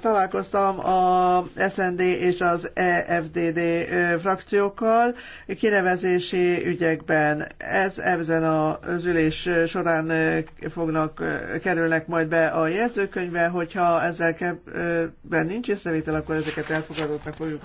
Találkoztam a SND és az EFDD frakciókkal kinevezési ügyekben. Ez ezen az ülés során fognak, kerülnek majd be a jegyzőkönyvbe, hogyha ezzel nincs észrevétel, akkor ezeket elfogadottnak fogjuk